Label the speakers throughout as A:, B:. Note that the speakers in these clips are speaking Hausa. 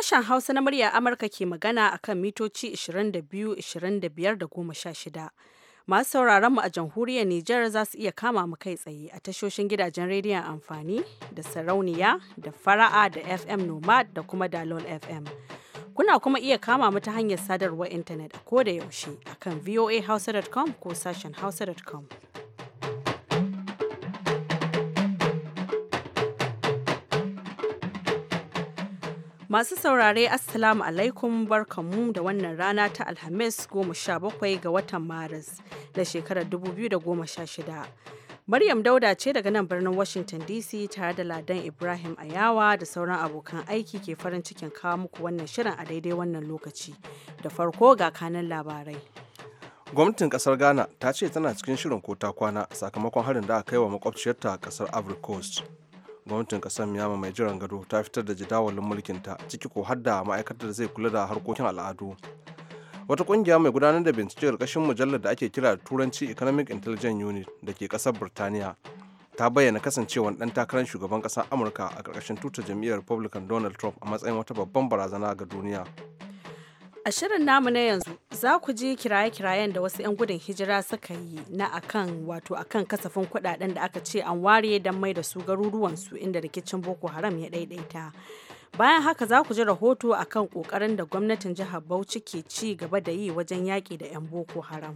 A: Sashen Hausa na murya Amurka ke magana akan mitoci 22, 25 da 16. Masu sauraron mu a jamhuriyar Nijar za su iya kama mu kai tsaye a tashoshin gidajen rediyon amfani da sarauniya da fara'a da FM Nomad da kuma Dalol FM. Kuna kuma iya kama mu ta hanyar sadarwar intanet ko da yaushe akan voahausa.com ko sashen hausa.com. Masu saurare Assalamu alaikum barkamu da wannan rana ta Alhamis 17 ga watan Maris na shekarar 2016. Maryam Dauda ce daga nan birnin Washington DC tare da Ladan Ibrahim Ayawa da sauran abokan aiki ke farin cikin kawo muku wannan shirin a daidai wannan lokaci. Da farko ga kanan labarai.
B: Gwamnatin kasar Ghana ta ce tana cikin shirin ko kwana sakamakon harin da aka kai wa makwabciyarta kasar Ivory Coast. gwamnatin kasar miyama mai jiran gado ta fitar da jadawalin mulkinta ciki ko hadda ma'aikatar zai kula da harkokin al'adu wata kungiya mai gudanar da bincike karkashin mujallar da ake kira turanci economic intelligence unit da ke kasar birtaniya ta bayyana kasancewar dan takarar shugaban kasar amurka a karkashin tuta jam'iyyar republican donald trump a matsayin wata babban barazana ga duniya
A: A shirin namu na yanzu za ku ji kiraye-kirayen da wasu 'yan gudun hijira suka yi na akan wato akan kasafin kudaden da aka ce an ware don mai da su garuruwansu inda rikicin Boko Haram ya daidaita. Bayan haka za ku ji rahoto akan kokarin da gwamnatin jihar Bauchi ke ci gaba da yi wajen yaƙi da 'yan Boko Haram.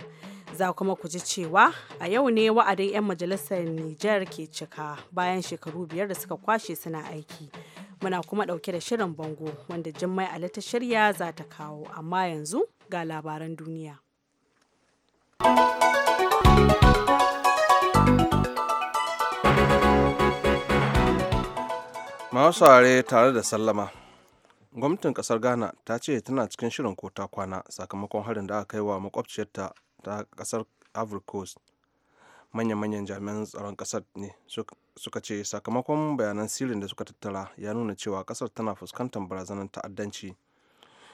A: Za kuma ku ji cewa a yau ne wa'adin 'yan majalisar Nijar ke cika bayan shekaru biyar da suka kwashe suna aiki. Muna kuma ɗauke da shirin bango wanda Jummai Ali ta shirya za ta kawo, amma yanzu ga labaran duniya.
B: Mawasare tare da sallama. Gwamnatin kasar Ghana ta ce tana cikin shirin kota kwana sakamakon harin da aka kai wa makwabciyarta ta kasar Ivory Coast manya manyan jami'an tsaron kasar ne suka ce sakamakon bayanan sirrin da suka tattara ya nuna cewa ƙasar tana fuskantar barazanar ta'addanci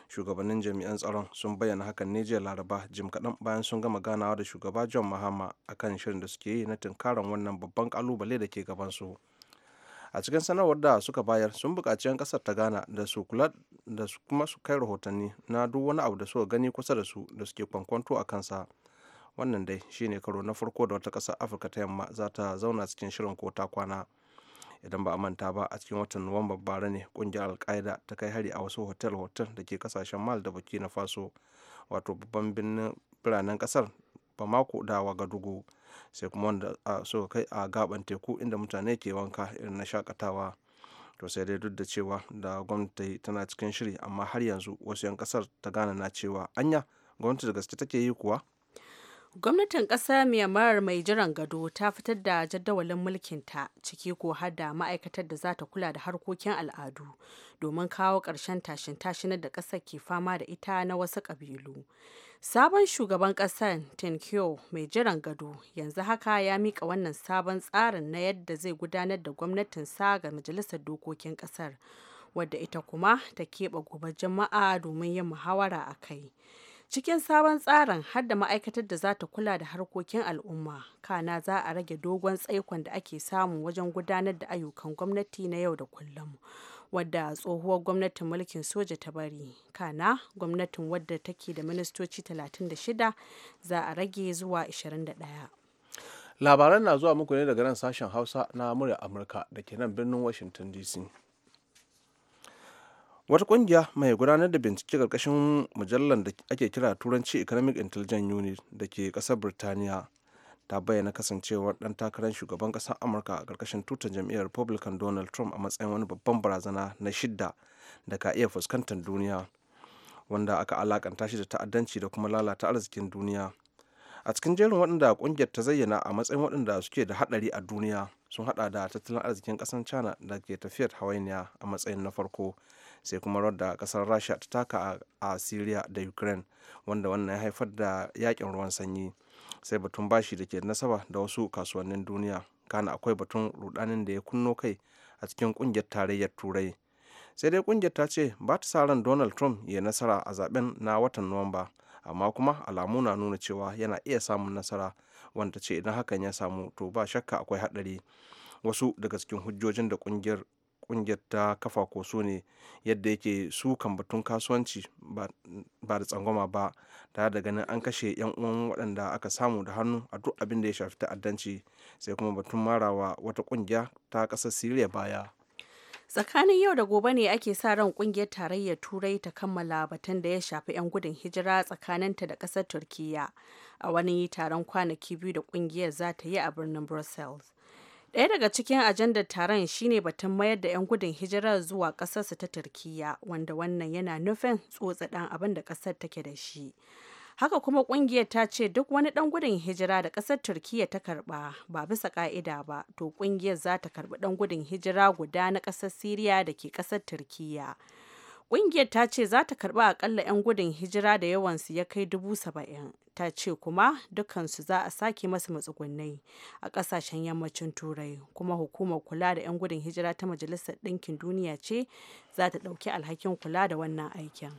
B: shugabannin jami'an tsaron sun bayyana hakan ne jiya laraba jim kaɗan bayan sun gama ganawa da shugaba john mahama akan shirin da suke yi na tunkaran wannan babban kalubale da ke gabansu a cikin sanarwar da suka bayar sun buƙaci 'yan ƙasar ta gana da su kula da su kuma su kai rahotanni na duk wani abu da suka gani kusa da su da suke kwankwanto a kansa wannan dai shine karo na farko da wata ƙasar afirka ta yamma za ta zauna cikin shirin ko ta kwana idan ba a manta ba a cikin watan nuwamba bara ne kungiyar alkaida ta kai hari a wasu hotel-hotel da ke kasashen mal da baki na faso wato babban birnin biranen kasar bamako ga wagadugu sai kuma wanda a suka kai a gaban teku inda mutane ke wanka irin na shakatawa to sai dai duk da cewa da gwamnati tana cikin shiri amma har yanzu wasu 'yan kasar ta gana na cewa anya gwamnati da gaske take yi kuwa
A: Gwamnatin ƙasar Myanmar mai jiran gado ta fitar da jadawalin mulkinta ciki ko har ma'aikatar da za ta kula da harkokin al'adu domin kawo ƙarshen tashin-tashinar da ƙasar ke fama da ita na wasu ƙabilu. Sabon shugaban ƙasar Tenkyo mai jiran gado yanzu haka ya mika wannan sabon tsarin na yadda zai gudanar da gwamnatinsa ga majalisar dokokin ƙasar wadda ita kuma ta keɓe gobe jama'a domin yin muhawara a kai. Cikin sabon tsarin har ma'aikatar da za ta kula da harkokin al'umma, kana za a rage dogon tsaikon da ake samu wajen gudanar da ayyukan gwamnati na yau da kullum. wadda tsohuwar gwamnatin mulkin soja ta bari kana gwamnatin wadda take da ministoci 36 za a rage zuwa 21
B: labaran na zuwa muku ne daga nan sashen hausa na murya amurka da ke nan birnin washington dc wata kungiya mai gudanar da bincike karkashin mujallar da ake kira turanci economic intelligence unit da ke kasar birtaniya ta bayyana kasancewar dan takarar shugaban kasar amurka a karkashin tutar jam'iyyar republican donald trump a matsayin wani babban barazana na shidda da ka iya fuskantar duniya wanda aka alakanta shi da ta'addanci da kuma lalata arzikin duniya a cikin jerin waɗanda kungiyar ta zayyana a matsayin waɗanda suke da haɗari a duniya sun hada da tattalin arzikin kasar china da ke tafiyar hawainiya a matsayin na farko sai kuma rawar da kasar rasha ta taka a syria da ukraine wanda wannan ya haifar da yakin ruwan sanyi sai batun bashi da ke nasaba da wasu kasuwannin duniya kana akwai batun rudanin da ya kunno kai a cikin kungiyar tarayyar turai sai dai kungiyar ta ce ba ta sa ran donald trump ya nasara a zaben na watan nuwamba amma kuma alamu na nuna cewa yana iya samun nasara wanda ce idan hakan ya samu to ba shakka akwai haɗari wasu daga cikin hujjojin da ƙungiyar kungiyar ta kafa ko su ne yadda yake su kan batun kasuwanci ba da tsangwama ba tare da ganin an kashe yan uwan waɗanda aka samu da hannu a duk abin da ya shafi ta'addanci sai kuma batun marawa wata kungiya ta ƙasar siriya baya
A: Tsakanin yau da gobe ne ake sa ran kungiyar tarayyar Turai ta kammala batun da ya shafi 'yan gudun hijira tsakaninta da ƙasar Turkiyya a wani taron kwanaki biyu da kungiyar za ta yi a birnin Brussels. Ɗaya daga cikin ajandar taron shine batun mayar da 'yan gudun hijira zuwa ƙasarsa ta Turkiyya, wanda wannan yana nufin tsotsa ɗan abin da ƙasar take da shi. haka kuma kungiyar ta ce duk wani dan gudun hijira da kasar turkiyya ta karba ba bisa ka'ida ba to kungiyar za ta karbi dan gudun hijira guda na kasar siriya da ke kasar turkiyya kungiyar ta ce za ta karbi akalla 'yan gudun hijira da yawansu ya kai dubu saba'in ta ce kuma dukansu za a sake masu matsugunai a kasashen yammacin turai kuma hukumar kula da 'yan gudun hijira ta majalisar ɗinkin duniya ce za ta ɗauki alhakin kula da wannan aikin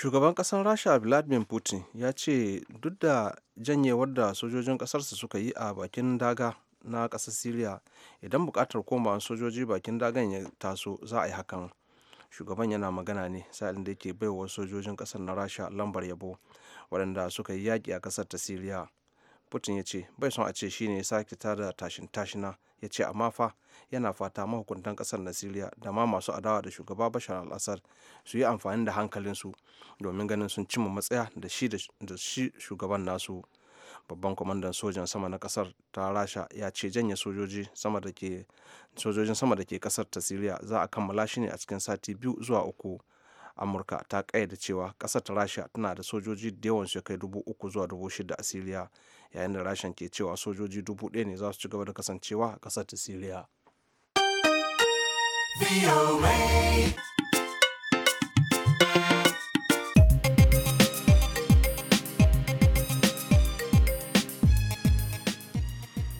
B: shugaban kasar rasha vladimir putin ya ce duk da janyewar da sojojin kasarsa suka yi a bakin daga na kasar syria idan bukatar komawa sojoji bakin dagan ya taso za a yi hakan shugaban yana magana ne sa'in da yake baiwa sojojin kasar na rasha lambar yabo waɗanda suka yi yaƙi a kasar ta syria putin ya ce bai son a ce shi ne ya sake tada tashin tashina ya ce amma fa yana fata mahukuntan kasar na siriya da ma masu adawa da shugaba bashar al-assad su yi amfani da hankalinsu domin ganin sun cimma matsaya da shi da shi shugaban nasu babban kwamandan sojan sama na kasar ta rasha ya ce janye sojojin sama da ke kasar ta siriya za a kammala shi ne a cikin sati biyu zuwa uku amurka ta kayyade cewa kasar ta rasha tana da sojoji da yawan shekai dubu uku zuwa dubu shida a siriya yayin da rashin ke cewa sojoji dubu ɗaya ne za su ci gaba da kasancewa a ƙasar ta siriya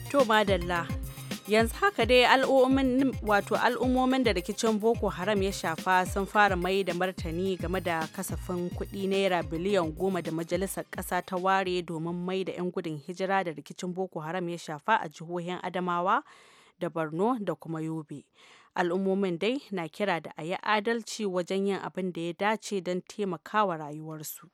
A: To madalla yanzu haka dai al'ummomin wato al'ummomin da rikicin boko haram ya shafa sun fara mai da martani game da kasafin kuɗi naira biliyan goma da majalisar ƙasa ta ware domin mai da 'yan gudun hijira da rikicin boko haram ya shafa a jihohin adamawa da borno da kuma yobe al'ummomin dai na kira da a yi adalci wajen yin abin da ya dace don taimakawa rayuwarsu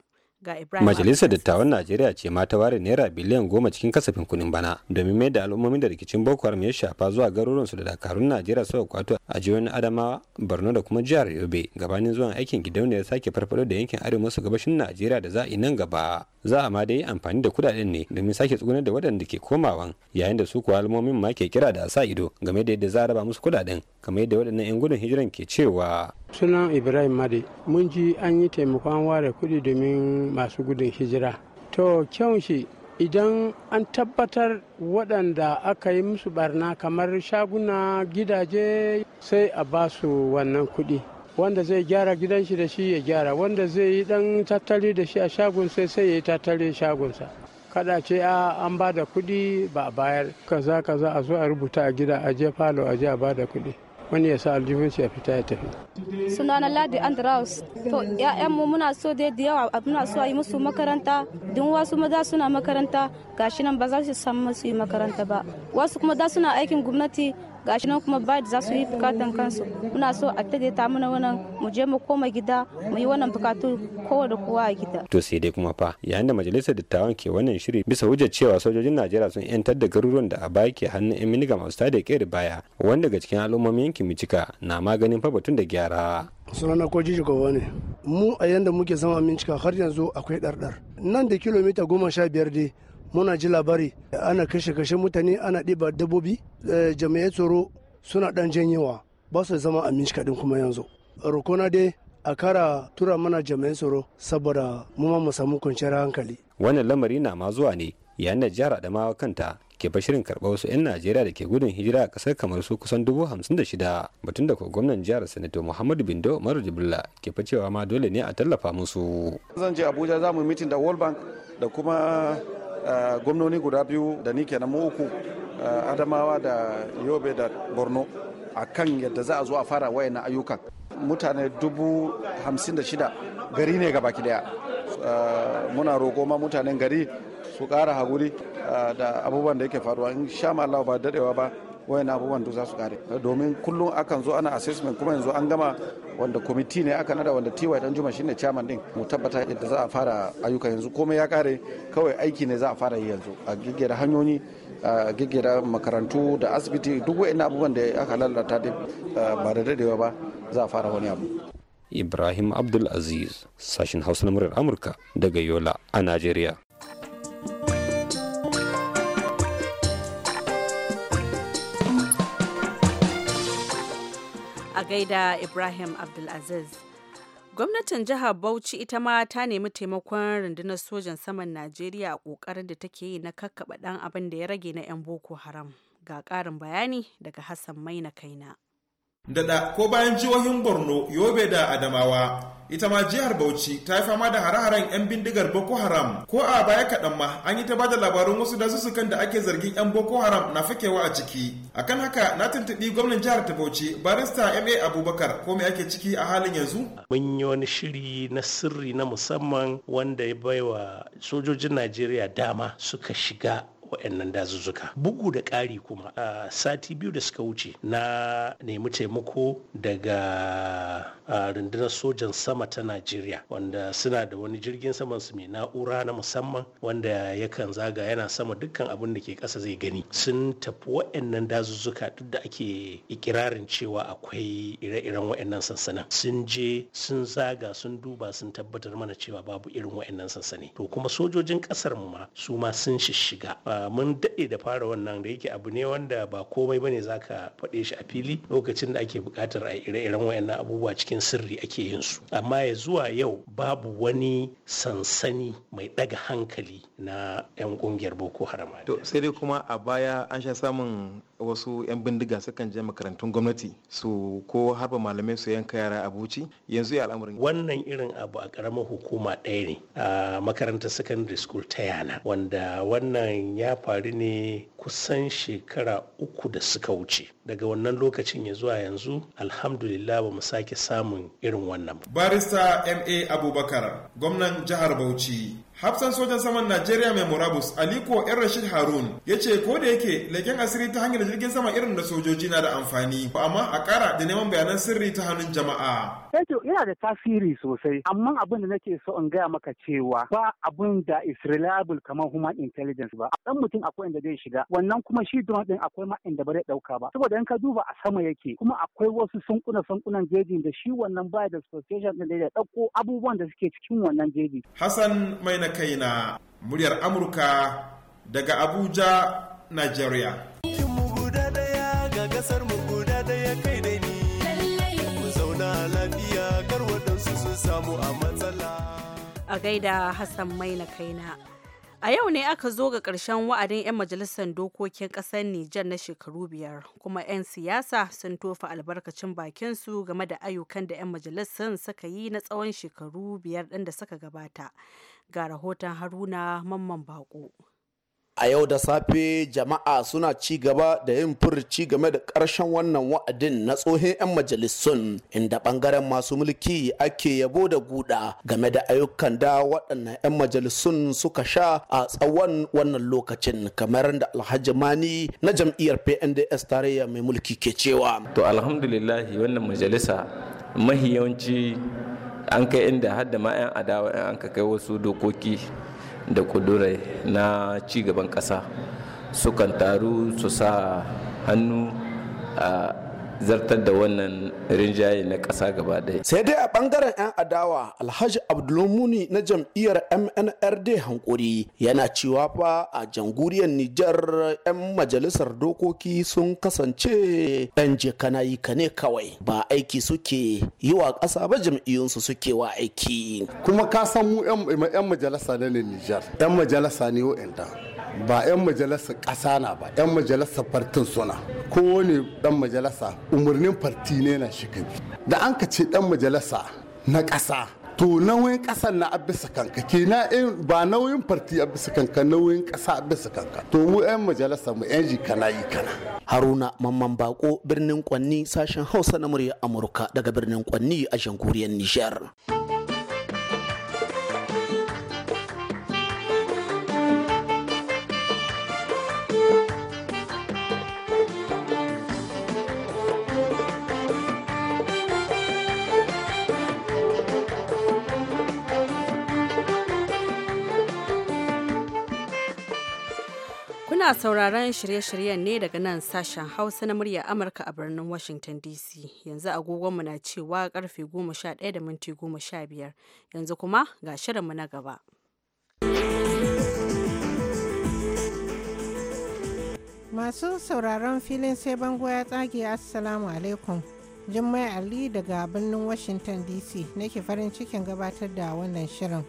A: ga Majalisar
C: Dattawan Najeriya ce ma ta ware naira biliyan goma cikin kasafin kudin bana domin mai da al'ummomin da rikicin Boko Haram ya shafa zuwa garuruwan su da dakarun Najeriya suka kwato a jihohin Adamawa, Borno da kuma jihar Yobe gabanin zuwan aikin gidauniyar sake farfado da yankin arewa maso gabashin Najeriya da za a yi nan gaba. Za a ma dai amfani da kudaden ne domin sake tsugunar da waɗanda ke komawan yayin da su kuwa al'ummomin ma ke kira da a sa ido game da yadda za a raba musu kudaden kamar yadda waɗannan 'yan gudun hijiran ke cewa
D: sunan ibrahim made mun ji an yi taimakon ware kuɗi domin masu gudun hijira to kyau shi idan an tabbatar waɗanda aka yi musu barna kamar shaguna gidaje sai a ba su wannan kuɗi wanda zai gyara gidan shi da shi ya gyara wanda zai yi ɗan tattali da shi a shagun sai sai ya yi tattali shagunsa kada ce a an ba da kuɗi ba a bayar kaza kaza a zo a rubuta a gida a je falo a je a ba da kuɗi wani ya sa aljihun ya fita ya tafi
A: suna na ladi andraus to mu muna so dai da yawa a muna so a yi musu makaranta don wasu maza suna makaranta gashi nan ba za su samu musu yi makaranta ba wasu kuma da suna aikin gwamnati gashi nan kuma ba za su yi bukatan kansu muna so a ta mana wannan mu je mu koma gida mu yi wannan bukatu kowa da kowa a gida
C: to sai dai kuma fa yayin da majalisar dattawan ke wannan shiri bisa hujjar cewa sojojin Najeriya sun yantar da garuruwan da a baya ke hannun yan miniga masu tada kere baya wanda daga cikin al'ummomin yankin Micika na maganin fa batun da gyara
E: sunana ko jijikowa ne mu a yanda muke zama mincika har yanzu akwai ɗarɗar nan da kilomita goma sha biyar dai muna ji labari ana kashe kashe mutane ana ɗiba dabbobi eh, jami'ai tsoro suna ɗan janyewa ba su zama a minci kaɗin kuma yanzu rukuna dai a kara tura mana jami'ai tsoro saboda mu ma mu samu kwanciyar hankali
C: wannan lamari na ma zuwa ne yayin da jihar adamawa kanta ke bashirin karɓar wasu 'yan najeriya da ke gudun hijira a kasar kamar su kusan dubu hamsin da shida batun da ko gwamnan jihar sanato muhammadu bindo umaru jibrila ke facewa ma dole ne a tallafa musu
B: zan je abuja za mu mitin da world bank da kuma Eh, gwamnoni guda biyu da ni kenan mu uku eh, adamawa da yobe da borno a kan yadda za a zo a fara wayannan ayyukan mutane dubu hamsin da shida gari ne ga baki daya eh, muna roƙo ma mutanen gari su ƙara haguri da abubuwan da yake faruwa in sha Allah ba daɗewa ba wayan abubuwan duk za su kare domin kullum akan zo ana assessment kuma yanzu an gama wanda kwamiti ne aka nada wanda ty dan juma shine chairman din mu tabbata yadda za a fara ayyuka yanzu komai ya kare kawai aiki ne za a fara yi yanzu a giggera hanyoyi a giggera makarantu da asibiti duk wayan abubuwan da aka lalata ba da dadewa ba za a fara wani abu
C: Ibrahim Abdulaziz, sashin Hausa na muryar Amurka daga Yola a Najeriya.
A: a gaida Ibrahim Abdulaziz. Gwamnatin jihar Bauchi ita ma ta nemi taimakon rundunar sojan saman Najeriya a kokarin da take yi na kakkaba dan abin da ya rage na 'yan Boko Haram. Ga karin bayani daga Hassan Maina Kaina.
B: Daɗa ko bayan jihohin Borno, Yobe da Adamawa, ita ma jihar Bauchi ta yi fama da hare-haren 'yan bindigar Boko Haram ko a baya kaɗan ma an yi ta bada labarun wasu dasussukan da ake zargin 'yan Boko Haram na fakewa a ciki. Akan haka na tuntuɓi gwamnan jihar ta Bauchi barista MA Abubakar ko me ake ciki a halin yanzu?
E: Mun yi wani shiri na sirri na musamman wanda ya baiwa sojojin Najeriya dama suka shiga waɗannan dazuzzuka bugu da ƙari kuma a sati biyu da suka wuce na nemi taimako daga rundunar sojan sama ta najeriya wanda suna da wani jirgin saman su mai na'ura na musamman wanda yakan zaga yana sama dukkan abin da ke ƙasa zai gani sun tafi waɗannan dazuzzuka duk da ake ikirarin cewa akwai ire-iren waɗannan sansanin sun je sun zaga sun duba sun tabbatar mana cewa babu irin waɗannan sansani to kuma sojojin ƙasar mu ma su ma sun shishiga mun daɗe da fara wannan da yake abu ne wanda ba komai bane zaka faɗe shi a fili lokacin da ake buƙatar a ire-iren wayannan abubuwa cikin sirri ake yin su amma ya zuwa yau babu wani sansani mai ɗaga hankali na 'yan kungiyar boko haram to sai dai kuma a baya an sha samun wasu 'yan bindiga sukan je makarantun gwamnati su ko harba malamai su yanka yara a yanzu ya al'amarin wannan irin abu a karamar hukuma ɗaya ne a makarantar secondary school ta yana wanda wannan ya faru ne kusan shekara uku da suka wuce daga wannan lokacin ya zuwa yanzu alhamdulillah ba mu sake samun irin wannan
B: barista ma abubakar gwamnan jihar bauchi hafsan sojan saman najeriya mai murabus aliko yan rashid harun ya ce ko da yake leken asiri ta hanyar jirgin sama irin da sojoji na da amfani amma a kara da neman bayanan sirri ta hannun jama'a
F: yana da tasiri sosai amma abin da nake so in gaya maka cewa ba abin da is reliable kamar human intelligence ba dan mutum akwai inda zai shiga wannan kuma shi drone din akwai ma inda ba zai dauka ba saboda in ka duba a sama yake kuma
E: akwai wasu sunkuna sunkunan jejin da shi wannan baya da station din da ya dauko abubuwan da suke
B: cikin wannan jeji Hassan mai na kaina muryar Amurka daga Abuja, Nigeria.
E: a matsala.
A: A gaida Hassan mai na kaina. A yau ne aka zo ga ƙarshen wa'adin 'yan majalisar dokokin ƙasar Nijar na shekaru biyar, kuma 'yan siyasa sun tofa albarkacin bakinsu game da ayyukan da 'yan majalisar suka yi na tsawon shekaru biyar ɗin da suka gabata. ga rahoton haruna mamman bako
E: a yau da
F: safe jama'a suna ci gaba da yin furci game da ƙarshen wannan wa'adin na
E: tsohon 'yan majalisun inda bangaren masu mulki ake yabo da guda game da ayyukan da waɗannan 'yan majalisun suka sha a tsawon wannan lokacin kamar da alhaji mani na jam'iyyar pnds tarayya mai mulki ke cewa
B: to
D: alhamdulillahi wannan majalisa mahi an kai inda har da ma 'yan
F: adawa an kai wasu dokoki da kudurai na cigaban ƙasa sukan taru su sa hannu a zartar
D: da wannan rinjaye na ƙasa gaba ɗaya.
F: sai dai a ɓangaren 'yan adawa alhaji abdulmuni na jam'iyyar mnrd hankuri yana cewa fa a janguriyar nijar 'yan majalisar dokoki sun kasance 'yan yi ka
D: ne kawai
E: ba aiki suke yi wa ƙasa ba jam'iyyunsu suke wa aiki
D: kuma ka san mu 'yan majalisa ne nijar 'yan majalisa ne wa'anda ba 'yan majalisa ƙasa na ba 'yan majalisa fartin suna kowane ɗan majalisa umarnin farti ne na shi da an ka ce ɗan majalisa na ƙasa to nauyin ƙasar na abisa kanka ke na ba nauyin farti abisa kanka nauyin ƙasa abisa kanka to
E: mu 'yan majalisa mu 'yan jika na yi kana haruna mamman bako birnin kwanni sashen hausa na murya amurka daga birnin kwanni a jankuriyar nijar.
A: Kuna sauraron shirye-shiryen ne daga nan sashen Hausa na murya Amurka a birnin Washington DC. Yanzu agogonmu na cewa karfe 11.15 Yanzu kuma ga shirinmu na gaba.
G: Masu sauraron filin sai bango ya tsage Assalamu alaikum. Jummai Ali daga birnin Washington DC nake farin cikin gabatar da wannan shirin.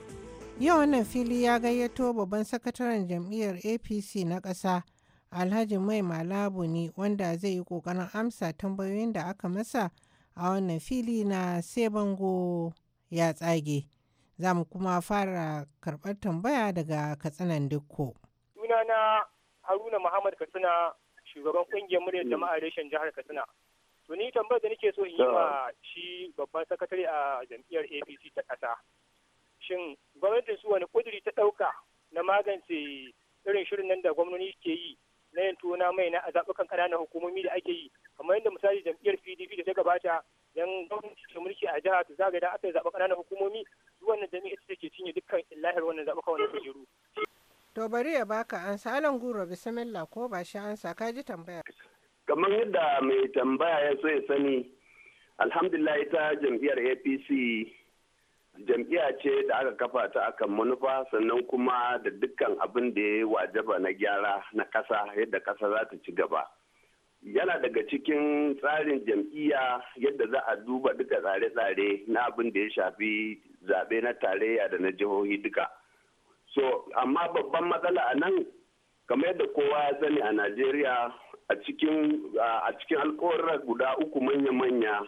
G: Yau wannan fili ya gayyato babban sakataren jam'iyyar APC na ƙasa Alhaji Mai Malabu ne wanda zai yi ƙoƙarin amsa tambayoyin da aka masa a wannan fili na sai bango ya tsage. Za mu kuma fara karɓar tambaya daga Katsinan suna
C: Sunana Haruna Muhammad Katsina shugaban kungiyar muryar mm. jama'a reshen jihar Katsina. Tuni tambayar da nake so in yi ma shi babban sakatare a jam'iyyar APC ta ƙasa. shin da su wani kuduri ta ɗauka na magance irin shirin nan da gwamnati ke yi na yin tona mai na a zaɓukan ƙananan hukumomi da ake yi kamar yadda misali jam'iyyar pdp da ta gabata yan gwamnati mulki a jiha ta zaga da aka yi zaɓa ƙananan hukumomi wannan
E: jami'a ita take cinye dukkan illahir wannan zaɓuka wannan kujeru.
G: to bari ya baka an salon guro bismillah ko ba shi ansa ka ji tambaya.
F: kamar yadda mai tambaya ya so ya sani alhamdulillah ita jam'iyyar apc jam'iyya ce da aka kafa ta akan manufa sannan kuma da dukkan abin da ya wajaba na gyara na kasa yadda kasa za ta ci gaba yana daga cikin tsarin jam'iyya yadda za a duba duka tsare-tsare na abin da ya shafi zaɓe na tarayya da na jihohi duka so amma babban matsala a nan kamar yadda kowa ya sani a najeriya a cikin alkawarar guda uku manya-manya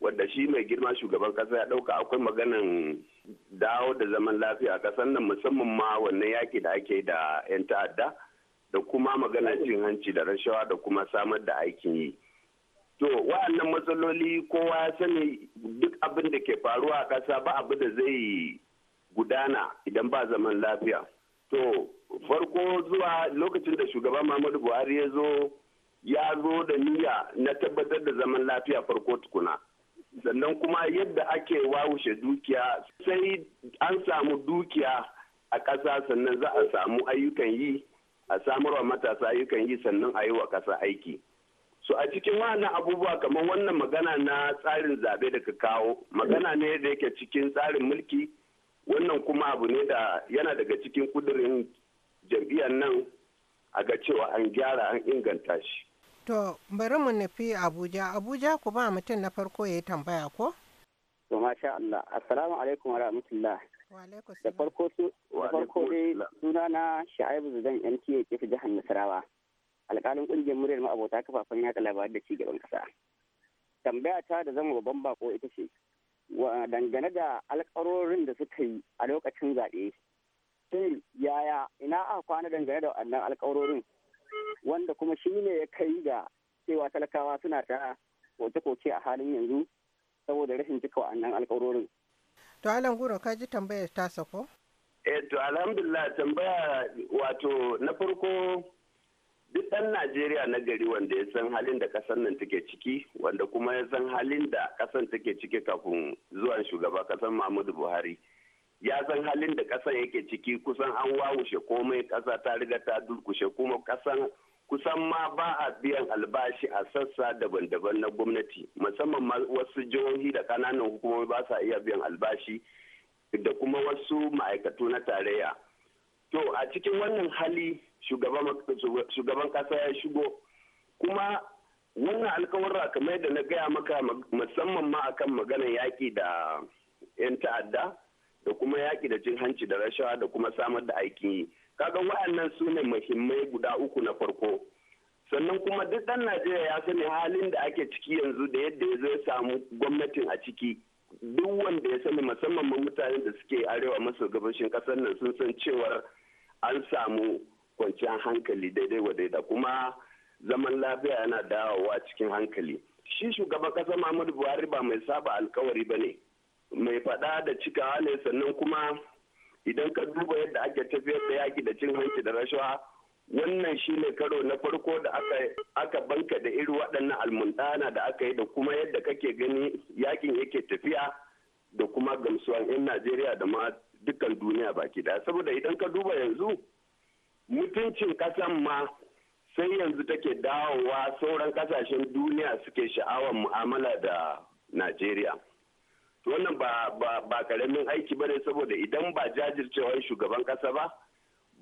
F: wanda shi mai girma shugaban kasa ya dauka akwai maganan dawo da zaman lafiya a kasan nan musamman ma wannan yaki da ake da 'yan ta'adda da kuma maganar cin hanci da rashawa da kuma samar da aikin yi to wa'annan matsaloli kowa ya sani duk abin da ke faruwa a kasa ba abu da zai gudana idan ba zaman lafiya to farko zuwa lokacin da shugaban muhammadu buhari ya zo ya zo da niyya na tabbatar da zaman lafiya farko tukuna sannan kuma yadda ake wawushe dukiya sai an samu dukiya a ƙasa sannan za a samu ayyukan yi a wa matasa ayyukan yi sannan a yi wa ƙasa aiki so a cikin wannan abubuwa kamar wannan magana na tsarin zaɓe daga kawo magana ne da yake cikin tsarin mulki wannan kuma abu ne da yana daga cikin kudirin jam'iyyar nan a ga cewa an gyara an inganta shi
G: To bari mu nufi Abuja. Abuja ku ba mutum na farko ya yi tambaya ko?
F: To masha Allah. Assalamu alaikum wa rahmatullah. Da farko dai suna na
G: Sha'ibu yan
F: MTA ke jihar Nasarawa. Alƙalin ƙungiyar muryar ma'abota kafafen yaɗa labarai da cigaban ƙasa. Tambaya ta da zama babban bako ita ce. Dangane da alƙarorin da suka yi a lokacin zaɓe. sun yaya ina aka kwana dangane da waɗannan alƙarorin wanda kuma shi ne ya kai ga cewa talakawa suna ta koke-koke
G: a halin yanzu saboda rashin cika wa'annan alkawarorin. To Alan Guro ka ji tambayar ta sako?
F: Eh to alhamdulillah tambaya wato na farko duk ɗan Najeriya na gari wanda ya san halin da ƙasar nan take ciki wanda kuma ya san halin da ƙasar take ciki kafin zuwan shugaba ƙasar Muhammadu Buhari ya san halin da ƙasan yake ciki kusan an wawushe komai kasa ta riga ta durkushe kuma ƙasan kusan ma ba a biyan albashi a sassa daban-daban na gwamnati musamman wasu jihohi da ƙananan hukumomi ba sa iya biyan albashi da kuma wasu ma'aikatu na tarayya to a cikin wannan hali shugaban ƙasa ya shigo kuma wannan alkawarra kamar da na gaya maka musamman ma akan maganar yaƙi da 'yan ta'adda da kuma yaƙi da cin hanci da rashawa da kuma samar da aikin yi kaga wa'annan su ne muhimmai guda uku na farko sannan kuma duk ɗan najeriya ya sani halin da ake ciki yanzu da yadda ya zai samu gwamnatin a ciki duk wanda ya sani musamman ma mutanen da suke arewa maso gabashin ƙasar nan sun san cewar an samu kwanciyar hankali daidai wa daidai kuma zaman lafiya yana dawowa cikin hankali shi shugaban ƙasa muhammadu buhari ba mai saba alkawari ba ne mai faɗa da cikawa ne sannan kuma idan ka duba yadda ake tafiyar da yaki da cin hanci da rashawa wannan shi ne karo na farko da aka banka da iri waɗannan almundana da aka yi da kuma yadda kake gani yakin yake tafiya da kuma gamsuwan 'yan najeriya da ma dukkan duniya baki daya saboda idan ka duba yanzu mutuncin ƙasan ma sai yanzu take dawowa sauran ƙasashen duniya suke sha'awar mu'amala da najeriya wannan ba karamin aiki ba saboda idan ba jajircewar shugaban kasa ba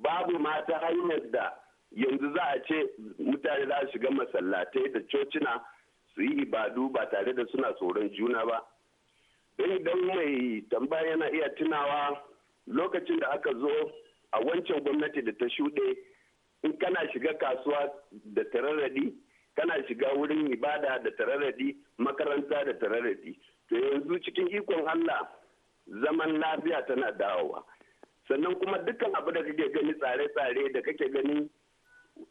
F: babu mata hanyar da yanzu za a ce mutane za su shiga masallatai da cocina su yi ibadu ba tare da suna tsoron juna ba don idan mai tambaya yana iya tunawa lokacin da aka zo a wancan gwamnati da ta shuɗe in kana shiga kasuwa da tararradi kana shiga wurin ibada da tararradi makaranta da tararradi to yanzu cikin ikon Allah zaman lafiya tana dawowa sannan kuma dukkan abu da kake gani tsare-tsare da kake gani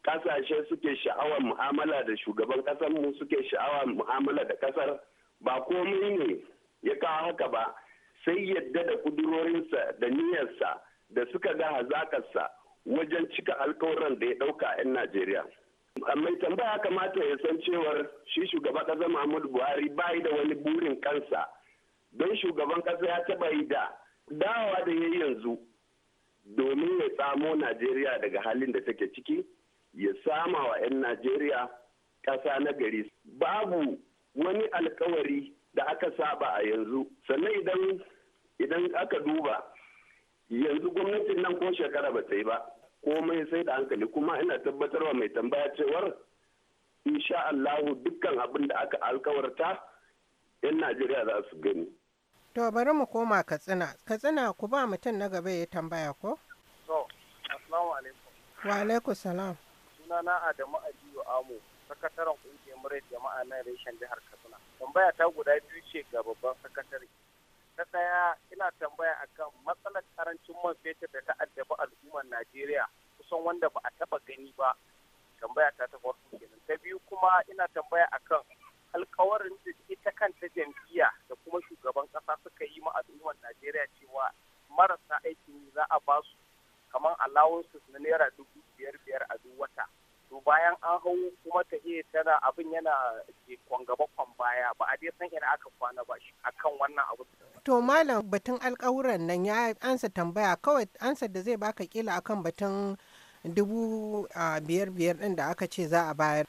F: kasashe suke sha'awar mu'amala da shugaban kasar mu suke sha'awar mu'amala da kasar ba komai ne ya kawo haka ba sai yadda da kudurorinsa da niyyarsa da suka ga hazakarsa wajen cika alkawuran da ya dauka 'yan najeriya mai tambaya kamata ya san cewar shi shugaban ƙasa muhammadu buhari bai da wani burin kansa don shugaban ƙasa ya taɓa yi da dawa da ya yanzu domin ya tsamo najeriya daga halin da take ciki ya sama wa 'yan najeriya ƙasa na gari babu wani alkawari da aka saba a yanzu sannan idan idan aka duba yanzu gwamnatin nan ko shekara ba ta yi ba komai sai da hankali kuma ina tabbatarwa mai tambaya cewar insha Allahu dukkan abin da aka alkawarta 'yan Najeriya za su gani.
G: To bari mu koma Katsina. Katsina ku ba mutum na gaba ya tambaya ko?
E: To, assalamu alaikum.
G: Wa alaikum salam.
E: Sunana Adamu Aliyu Amu, sakataren kungiyar murai jama'a na reshen jihar Katsina. Tambaya ta guda biyu ce ga babban sakatare. na ɗaya ina tambaya akan matsalar karancin man fetur da ta addabi al'ummar najeriya kusan wanda ba a taba gani ba tambaya ta ta farko kenan ta biyu kuma ina tambaya akan alkawarin da ita kanta jam'iyya da kuma shugaban kasa suka yi ma al'ummar najeriya cewa marasa aikin za a basu kamar alawansu na naira dubu biyar biyar a duk wata to bayan an hau kuma ta iya tana abin yana ke kwangaba kwan baya ba a dai san ina aka kwana ba shi akan wannan abu
G: to malam batun alkawuran nan ya ansa tambaya kawai ansa da zai baka kila akan batun dubu biyar biyar din da aka ce za a bayar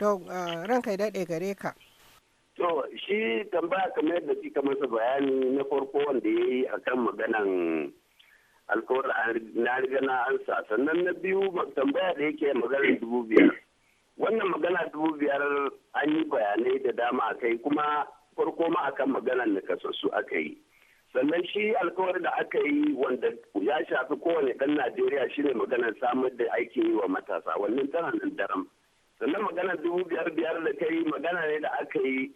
G: to ranka ya daɗe gare ka
F: to shi tambaya kamar yadda kika masa bayani na farko wanda ya yi akan maganan alkawar na riga na ansa sannan na biyu tambaya da yake magana dubu biyar wannan magana dubu biyar an yi bayanai da dama a kai kuma farko ma akan maganar nakasassu aka yi sannan shi alkawar da aka yi wanda ya shafi kowane ɗan najeriya shine maganar samar da aikin yi wa matasa wannan tana nan daram sannan maganar dubu biyar biyar da ta yi magana ne da aka yi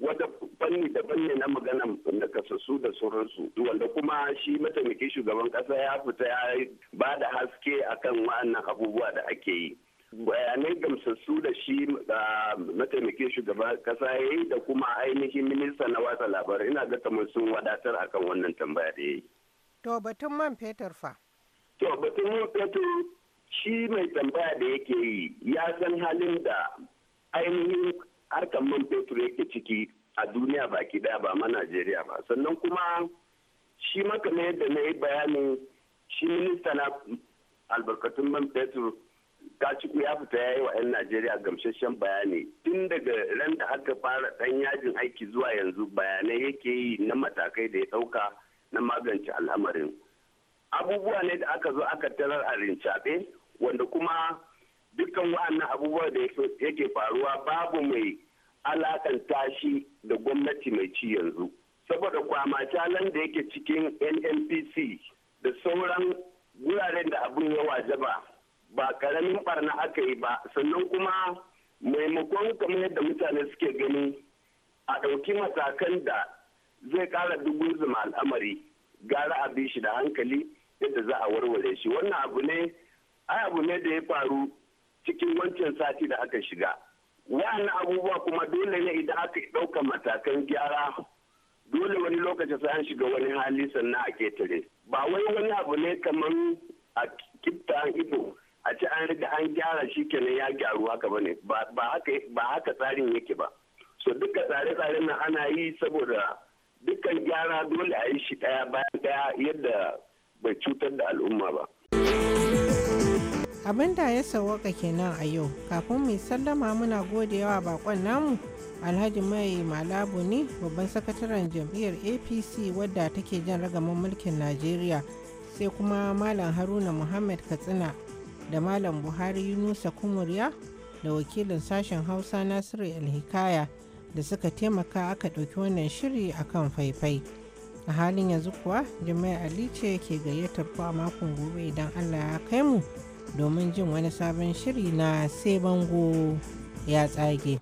F: wata fanni da ne na maganan nakasassu da sauransu wanda kuma shi mataimakin shugaban kasa ya fita ya ba da haske akan wa'annan abubuwa da ake yi bayanai gamsassu da shi ah, mataimakin shugaban kasa ya yi da kuma ainihin minista na watsa labarai ina ga kamar sun wadatar akan wannan tambaya da ya yi.
G: To batun man fetur fa? To batun man fetur shi mai tambaya da yake
F: yi ya san halin da ainihin harkar man fetur yake ciki a duniya baki daya ba ma najeriya ba sannan kuma shi maka na yadda na yi bayani shi minista na albarkatun man fetur kaciku ya fita ya yi wa 'yan najeriya gamsasshen bayani tun daga ran da haka fara dan yajin aiki zuwa yanzu bayanai yake yi na matakai da ya dauka na magance al'amarin abubuwa ne da aka zo aka tarar a rincaɓe wanda kuma dukkan wa'annan abubuwa da yake faruwa babu mai alakanta shi da gwamnati mai ci yanzu saboda calan da yake cikin nnpc da sauran wuraren da abin ya wajaba ba karamin barna aka yi ba sannan kuma maimakon kamar yadda mutane suke gani a ɗauki matakan da zai ƙara dubu zama al'amari gara a bi shi da hankali yadda za a warware shi wannan abu ne ai abu ne da ya faru cikin wancan sati da aka shiga wa'annan abubuwa kuma dole ne idan aka ɗauka matakan gyara dole wani lokaci sai an shiga wani hali sannan a ketare ba wai wani abu ne kamar a kifta ido a ci an riga an gyara shi kenan ya gyaru haka ne ba haka tsarin yake ba so duka tsare tsare nan ana yi saboda dukkan gyara dole a yi shi ɗaya bayan ɗaya yadda bai cutar da al'umma ba
G: abin da ya sawaka kenan a yau kafin mai sallama muna godewa bakon namu alhaji mai malabu ne babban sakataren jam'iyyar apc wadda take jan ragaman mulkin najeriya sai kuma malam haruna muhammad katsina da malam buhari yunusa kumurya da wakilin sashen hausa nasiru alhikaya da suka taimaka aka ɗauki wannan shiri akan faifai a halin yanzu kuwa jimai ali ce ke gayyatar ku a makon gobe idan allah ya kai mu domin jin wani sabon shiri na sai bango ya tsage.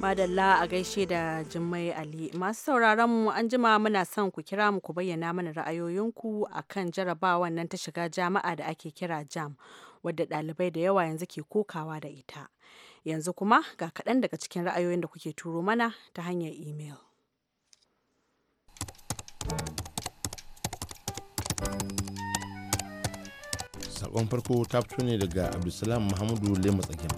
A: Madalla a gaishe da Jummai Ali. Masu sauraron mu an jima muna son ku kira mu ku bayyana mana ra'ayoyinku a kan jarabawa nan ta shiga jama'a da ake kira jam wadda ɗalibai da yawa yanzu ke kokawa da ita. Yanzu kuma ga kaɗan daga cikin ra'ayoyin da kuke turo mana ta hanyar imel.
D: zaben farko ta fito ne daga abdulsalam muhammadu lema tsakin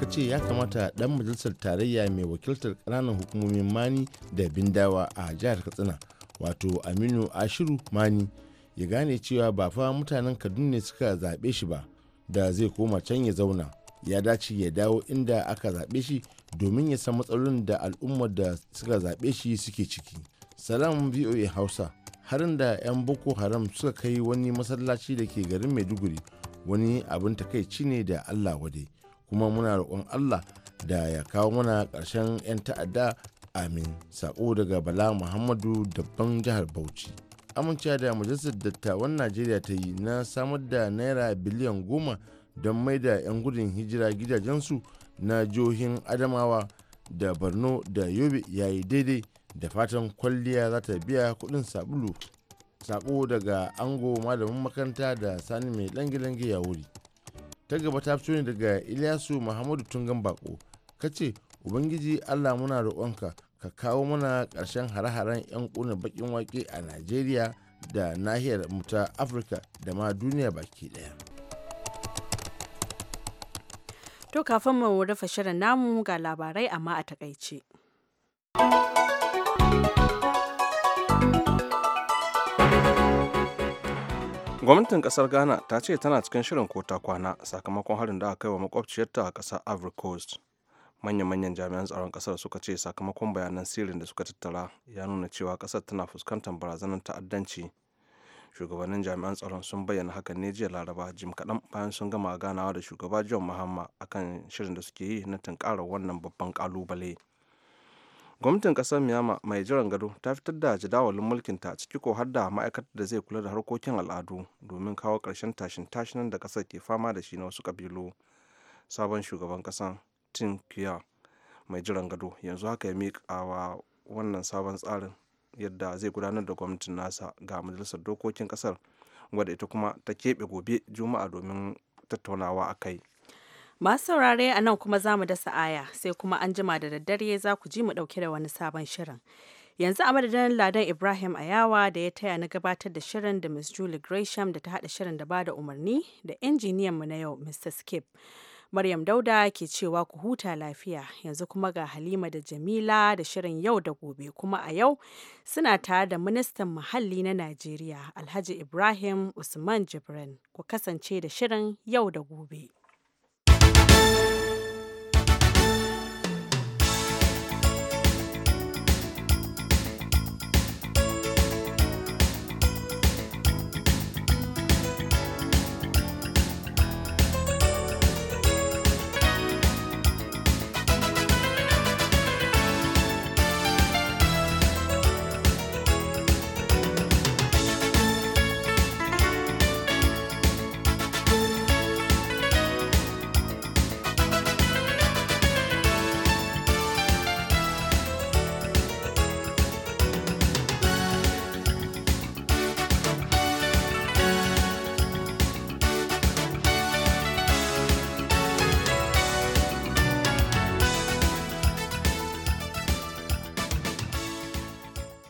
D: ka ce ya kamata dan majalisar tarayya mai wakiltar ƙananan hukumomin mani da bindawa a jihar katsina wato aminu ashiru mani ya gane cewa ba fa mutanen kaduna ne suka zaɓe shi ba da zai koma can ya zauna ya dace ya dawo inda aka zaɓe shi domin ya san matsalolin da al'ummar da suka zaɓe shi suke ciki salam voa hausa harin da 'yan boko haram suka kai wani masallaci da ke garin maiduguri wani abin takaici ne da allah wade kuma muna roƙon allah da ya kawo mana ƙarshen 'yan ta'adda amin sako daga bala muhammadu dabban jihar bauchi amincewa da majalisar dattawan najeriya ta yi na samar da naira biliyan goma don mai da 'yan gudun hijira gidajensu na jihohin adamawa da borno da yobe yayi daidai da fatan kwalliya za ta biya kudin sabulu sako daga ango malamin makaranta da sani mai langilangi ya wuri ta gaba ta fito ne daga ilyasu muhammadu tungan bako ka ce ubangiji allah muna roƙonka ka kawo mana ƙarshen hare-haren 'yan ƙuna bakin wake a nigeria da nahiyar muta afirka da ma duniya baki ɗaya
A: to kafin mu rufe shirin namu ga labarai amma a takaice.
B: gwamnatin kasar ghana ta ce tana cikin shirin kota kwana sakamakon harin da aka kai wa makwabciyarta a kasar ivory coast manya-manyan jami'an tsaron kasar suka ce sakamakon bayanan sirrin da suka tattara ya nuna cewa kasar tana fuskantar barazanar ta'addanci shugabannin jami'an tsaron sun bayyana hakan ne jiya laraba jim kaɗan bayan sun gama ganawa da shugaba john mahama akan shirin da suke yi na tunkarar wannan babban kalubale. gwamnatin kasar miyama mai jiran gado ta fitar da jadawalin mulkinta ciki ko har da ma'aikatar da zai kula da harkokin al'adu domin kawo ƙarshen tashin tashinan da ƙasar ke fama da shi na wasu ƙabilu sabon shugaban ƙasar tim kiya mai jiran gado yanzu haka ya miƙa wa wannan sabon tsarin yadda zai gudanar da gwamnatin nasa ga majalisar dokokin ƙasar wadda ita kuma ta keɓe gobe juma'a domin tattaunawa a kai
A: Masu saurare a nan kuma za mu dasa aya sai kuma an jima da daddare za ku ji mu ɗauke da wani sabon shirin. Yanzu a madadin Ladan Ibrahim Ayawa da ya taya na gabatar da shirin da Miss Julie Gresham da ta haɗa shirin da ba da umarni da injiniyanmu na yau Mr. Skip. Maryam Dauda ke cewa ku huta lafiya yanzu kuma ga Halima da Jamila da shirin yau da gobe kuma a yau suna tare da ministan muhalli na Najeriya Alhaji Ibrahim Usman Jibrin ku kasance da shirin yau da gobe.